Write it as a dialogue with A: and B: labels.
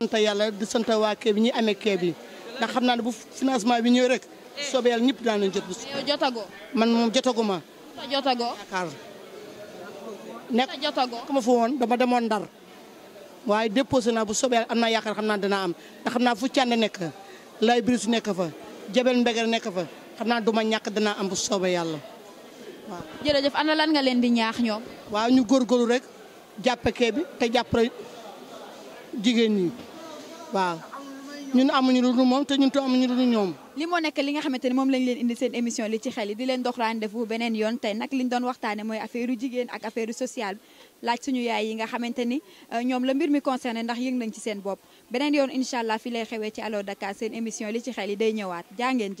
A: sant yàlla di sant waa kee bi ñuy amee kee bi ndax xam naa ne bu financement bi ñëw rek soobee yàlla ñëpp daan nañ jot. yow jotagoo man moom jotaguma. jotagoo yaakaar nekk jotagoo ku fa woon dama demoon ndar waaye déposé naa bu soobee yàlla am naa yaakaar xam naa danaa am ndax xam naa fu cànne nekk lay birisu nekk fa jabel mbegel nekk fa xam naa duma ñàkk danaa am bu soobee yàlla
B: waaw. jërëjëf ana lan nga leen di ñaax ñoom.
A: waaw ñu góorgóorlu rek. jàppekee bi te jàppale jigéen ñi waaw
C: ñun amuñu lu dul moom te ñun tu amuñu lu dul ñoom. li moo nekk li nga xamante ni moom lañ leen indi seen émission li ci xel yi di leen dox rendez-vous beneen yoon tey nag liñ doon waxtaane mooy affaire jigéen ak affaire sociale laaj suñu yaay yi nga xamante ni euh, ñoom la mbir mi concerné ndax yëg nañ ci seen bopp beneen yoon incha allah fi lay xewee ci Allo Dakar seen émission li ci xel yi day ñëwaat jaa ngeen